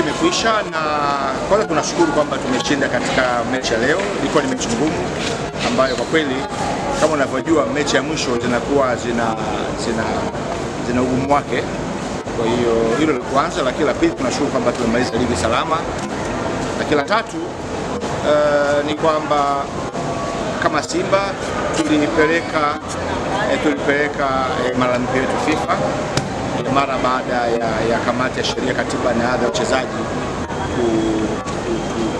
ligi imekwisha, na kwanza tunashukuru kwamba tumeshinda katika mechi ya leo. Ilikuwa ni mechi ngumu ambayo kwa kweli kama unavyojua mechi ya mwisho zinakuwa zina, zina, zina ugumu wake. Kwa hiyo hilo la kwanza, lakini la pili tunashukuru kwamba tumemaliza ligi salama, lakini la tatu uh, ni kwamba kama Simba tulipeleka eh, tulipeleka eh, malalamiko yetu FIFA mara baada ya, ya kamati ya sheria, katiba na hadhi wachezaji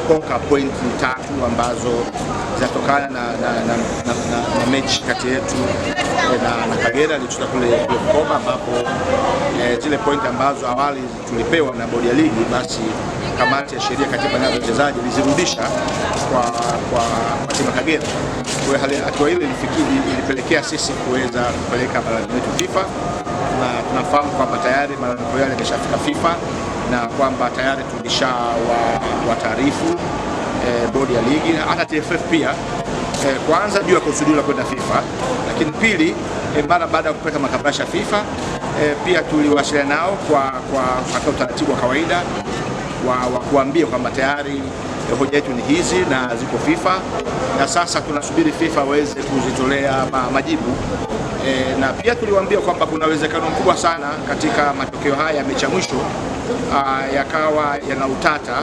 kukonka pointi tatu ambazo zinatokana na, na, na, na, na, na mechi kati yetu eh, na, na Kagera ilichota kule Bukoba ambapo eh, zile pointi ambazo awali tulipewa na bodi ya ligi basi kamati ya sheria katiba na wachezaji ilizirudisha kwa kwa timu Kagera. Kwa hiyo hatua ile ilipelekea sisi kuweza kupeleka barani letu FIFA tunafahamu kwamba tayari malalamiko yale yameshafika FIFA na kwamba tayari tulisha wataarifu wa eh, e, bodi ya ligi hata TFF pia e, kwanza juu ya kusudio la kwenda FIFA, lakini pili e, mara baada ya kupata makabrasha FIFA e, pia tuliwasiliana nao kwa kwa kwa utaratibu wa kawaida wa, wa kuambia kwamba tayari hoja yetu ni hizi na ziko FIFA na sasa tunasubiri FIFA waweze kuzitolea ma, majibu e, na pia tuliwaambia kwamba kuna uwezekano mkubwa sana katika matokeo haya ya mechi ya mwisho ah, yakawa yana utata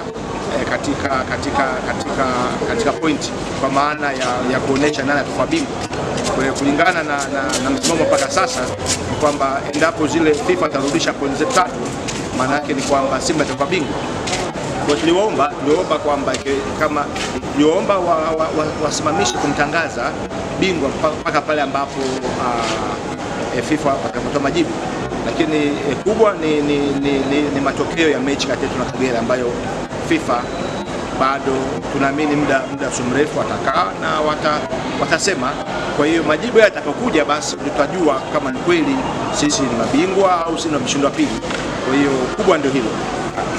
e, katika, katika, katika, katika pointi kwa maana ya, ya kuonesha nani atakuwa bingwa kulingana na, na, na msimamo mpaka sasa kwamba endapo zile FIFA atarudisha pointi zetu tatu, maana yake ni kwamba Simba itakuwa bingwa tuliwaomba tuliwaomba kwamba kama tuliwaomba wasimamishe wa, wa, wa kumtangaza bingwa mpaka pale ambapo uh, FIFA watakapotoa majibu, lakini eh, kubwa ni, ni, ni, ni, ni matokeo ya mechi kati yetu na Kagera ambayo FIFA bado tunaamini muda muda si mrefu watakaa na wata, watasema. Kwa hiyo majibu hayo yatakapokuja, basi tutajua kama ni kweli sisi ni mabingwa au sisi ni mshindi wa pili. Kwa hiyo kubwa ndio hilo.